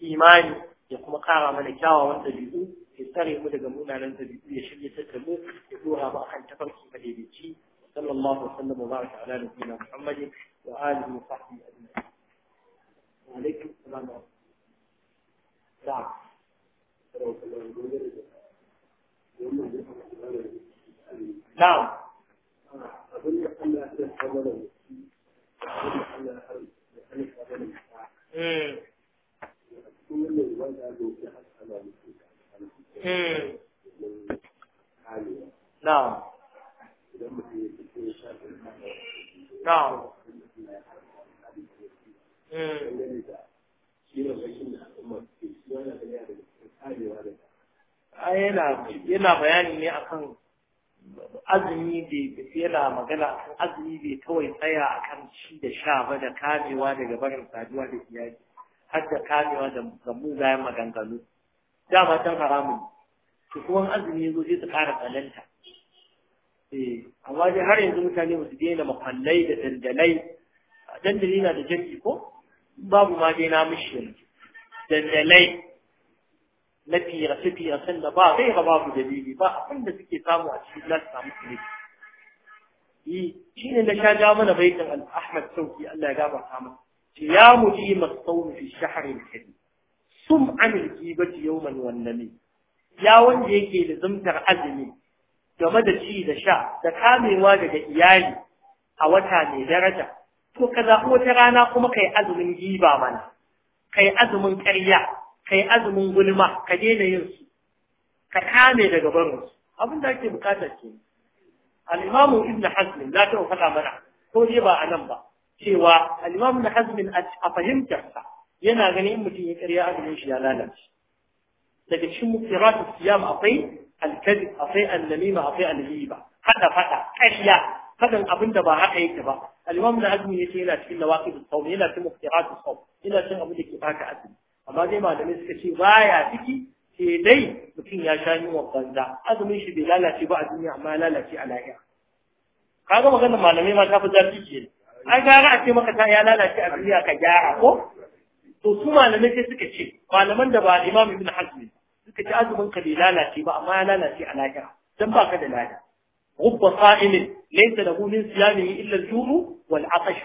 [SPEAKER 1] imani ya kuma kara mana kyawawan dabi'u ya tsare mu daga munanan dabi'u ya shiryatar da mu ya dora mu akan tafarki madaidaici sallallahu alaihi wa sallam wa baraka ala nabiyyina muhammadin wa alihi wa sahbihi ajma'in عليكم السلام ورحمة الله نعم أظن أن أهل الحضر أظن أن أهل الحضر أمم كل الوضع له في حسن أمم نعم نعم yana bayani ne akan azumi bai yana magana akan azumi bai kawai tsaya akan ci da sha ba da kamewa daga barin saduwa da iyali har da kamewa da gamu bayan maganganu dama can haramun to kuma azumi zo sai su kara tsananta eh amma dai har yanzu mutane ba su daina makwallai da dandalai dandali na da jami'i ko babu ma dai na mushi dandalai na tira firacen da ba zai ga babu dalili ba abin da suke samu a cikin za su samu yi shi ne na sha ja mana baitin ahmad sauki allah ya samu. masa ya muji masau fi shaharin kari sum anil gibati yawman wannami ya wanda yake da zumtar azumi game da ci da sha da kamewa daga iyali a wata mai daraja to ka zaɓi wata rana kuma ka yi azumin giba mana ka yi azumin ƙarya ka yi azumin gulma ka daina yin su ka kame daga barin su abin da ake bukata ke Alimamu imamu ibn hazm za ta faɗa mana ko dai ba a nan ba cewa Alimamu imamu ibn a fahimtarsa yana ganin in mutum ya ƙarya azumin shi ya lalace daga cikin mukiratu siyam akwai al akwai an-namima akwai al Faɗa-faɗa, fada ƙarya faɗin abin da ba haka yake ba al-imam da azumi yace yana cikin nawaqid al-sawm yana cikin muqtirat al-sawm yana cin abu da ke bata azumi amma dai malamai suka ce baya ciki ke dai mutum ya sha yunwa banza azumin shi bai lalace ba a duniya amma lalace a lahira kaga maganar malamai ma ta fi zafi ke ai gara a ce maka ta ya lalace a duniya ka gyara ko to malamai sai suka ce malaman da ba imam ibn hazmi suka ce azumin ka bai lalace ba amma ya lalace a lahira dan baka da lahira غب صائم ليس له من صيامه إلا الجوع والعطش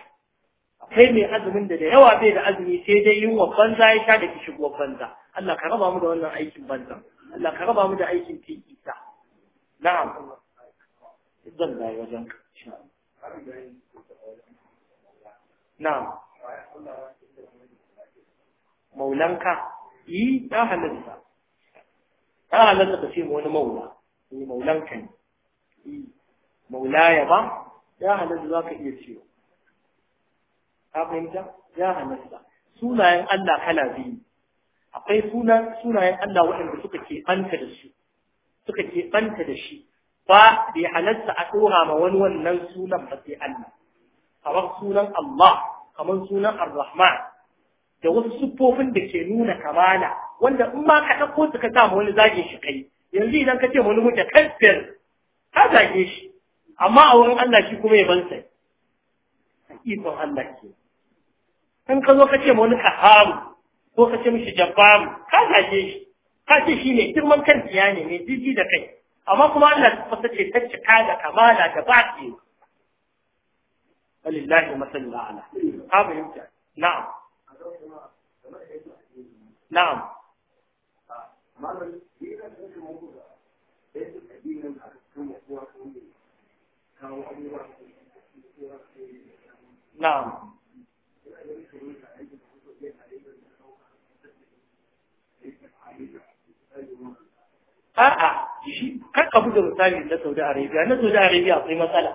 [SPEAKER 1] akwai mai azumin da da yawa bai da azumi sai dai yin wa banza ya sha da kishigwar banza Allah ka raba mu da wannan aikin banza Allah ka raba mu da aikin tikita na'am zan da wajen na'am maulanka yi ta halatta ta halatta ka ce wani maula ni maulanka ne maulaya ba ya halatta za ka iya cewa ka fahimta ya halatta sunayen Allah kala biyu akwai sunayen Allah waɗanda suka keɓanta da su suka keɓanta da shi ba bai halatta a ɗora ma wani wannan sunan ba sai Allah kamar sunan Allah kamar sunan Ar-Rahman da wasu siffofin da ke nuna kamala wanda in ma ka ɗauko su ka sa wani zage shi kai yanzu idan ka ce wani mutu kafir ka zage shi amma a wurin Allah shi kuma ya bansa ikon Allah ke Kan ka zo ka ce wani kaharu ko ka ce mishi jabbaru ka zage shi ka ce shi ne girman kan siya ne mai jiji da kai amma kuma Allah ta fasa ce ta cika da kamala da baki walillahi masal la'ala ka fahimta na'am na'am na'am a'a shi kan ka da misali na Saudi Arabia na Saudi Arabia akwai matsala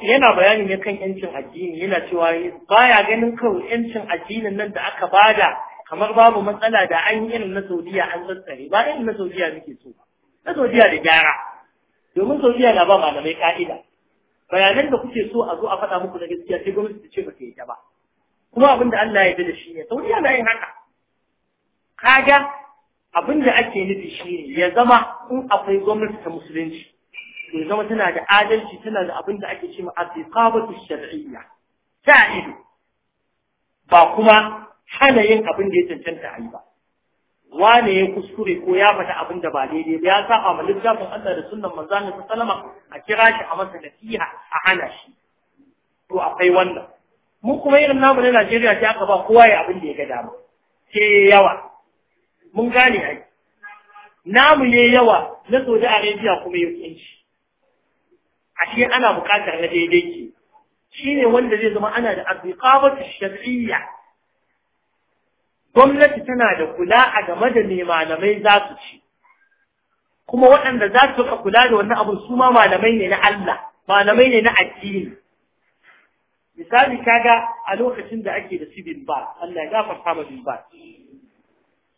[SPEAKER 1] yana bayani ne kan yancin addini yana cewa baya ganin kawai yancin addinin nan da aka bada kamar babu matsala da an yi irin na Saudiya an tsatsare ba irin na Saudiya nake so ba na saudiya da gyara domin saudiya na ba malamai ka'ida bayanan da kuke so a zo a faɗa muku na gaskiya sai gwamnati ta ce ba ta yi ba kuma abin da Allah ya yi da shi ne saudiya na yin haka kaga abin da ake nufi shi ne ya zama in akwai gwamnati ta musulunci to zama tana da adalci tana da abin da ake cewa asiqabatu shar'iyya ta ido ba kuma hana yin abin da ya cancanta a yi ba wane ya kuskure ko ya fata abin da ba daidai ba ya sa ma littafin Allah da sunnan manzon Allah sallama a kira shi a masa nasiha a hana shi to akwai wannan mu kuma irin namu na Najeriya sai aka ba kowa ya abin da ya ga dama sai yawa mun gane ai namu ne yawa na Saudi Arabia kuma ya kunci ashe ana bukatar na daidai ke shine wanda zai zama ana da azqabatu shar'iyya gwamnati tana da kula a game da me malamai za su ci kuma waɗanda za su kula da wannan abu su ma malamai ne na Allah malamai ne na addini misali ga a lokacin da ake da sibin ba Allah ya gafarta ma bin ba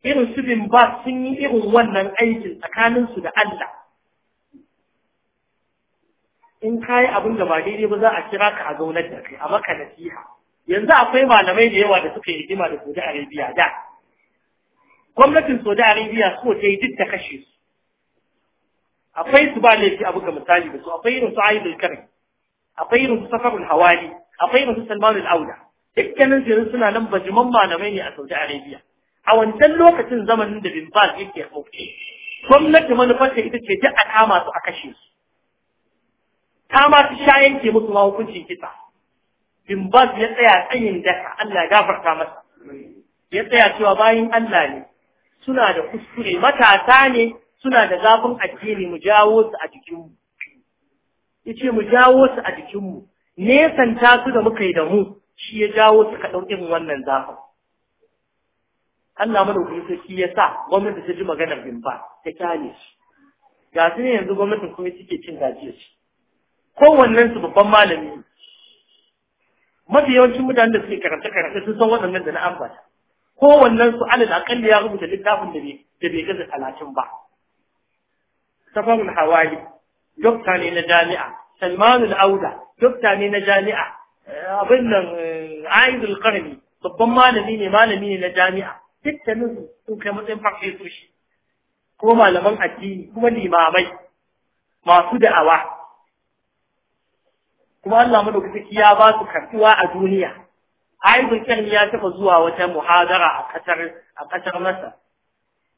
[SPEAKER 1] irin sibin ba sun yi irin wannan aikin tsakaninsu da Allah in kayi abin da ba daidai ba za a kira ka a zaunar da kai a maka nasiha yanzu akwai malamai da yawa da suka yi hidima da Saudi Arabia da gwamnatin Saudi Arabia so ta yi duk da kashe su akwai su ba laifi abu ga misali da su akwai irin su Aidul Karim akwai irin su Safarul Hawali akwai irin su Salmanul Auda dukkanin su suna nan bajiman malamai ne a Saudi Arabia a wancan lokacin zamanin da Bin Baz yake hauke gwamnati manufarta ita ce duk a kama su a kashe su ta ma su sha yanke musu ma hukuncin kisa bin ya tsaya tsayin daka Allah ya gafarta masa ya tsaya cewa bayan Allah ne suna da kuskure matasa ne suna da zafin addini mu jawo su a jikinmu ya ce mu jawo su a jikinmu ta su da muka yi da mu shi ya jawo su ka ɗaukin wannan zafin Allah kuma sarki ya sa gwamnati ta ji maganar bimba ta kyale shi ga su ne yanzu gwamnatin kuma suke cin gajiyar shi kowannen su babban malami mafi yawancin mutanen da suke karanta karanta sun san waɗannan da na ambata kowannen su alal da ya rubuta littafin da bai da bai gaza talatin ba safarul hawali dokta ne na jami'a salmanul auda dokta ne na jami'a abin nan eh, aidul karni babban malami ne malami ne na jami'a dukkanin su sun kai matsayin farfesoshi ko malaman addini kuma limamai masu da'awa kuma Allah madaukaki ya ba su karɓuwa a duniya aibin kan ya taɓa zuwa wata muhadara a ƙasar a kasar Masar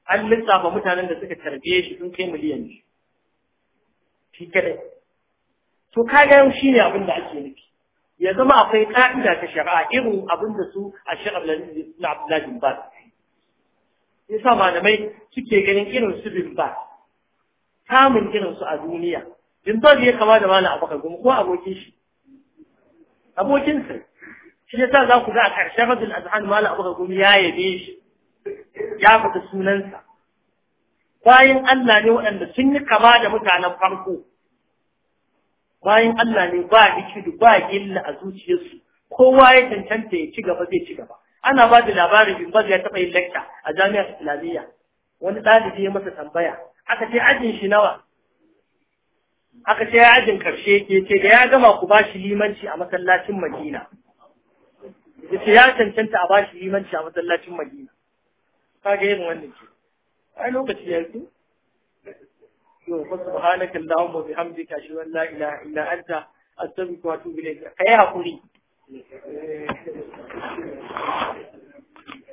[SPEAKER 1] an lissafa mutanen da suka tarbiye shi sun kai miliyan ne shi kadai to kaga shi ne abin da ake nufi ya zama akwai ka'ida ta shari'a irin abin da su a shi'ar na Abdullahi Bas yasa malamai suke ganin irin su bin ba samun irin su a duniya in ba ya kama da malam abu gumi ko abokin shi abokin sa shi ya sa za ku ga a ƙarshen rajul azhan malam abubakar gumi ya yabe shi ya fita sunansa bayan Allah ne waɗanda sun yi kama da mutanen farko bayan Allah ne ba ikidu ba gilla a zuciyarsu kowa ya cancanta ya ci gaba zai ci gaba ana ba da labarin bin ya taɓa yin lakta a jami'ar islamiyya wani ɗalibi ya masa tambaya aka ce ajin shi nawa aka ce yajin karshe ke ce da ya gama ku bashi limanci a masallacin Madina ce ya cancanta a ba shi limanci a masallacin Madina ga yin wannan ce A lokaci ya yi yo fa subhanaka allahumma wa hamdi ashhadu an la ila ila anta astaghfiruka wa atubu ilayk kai hakuri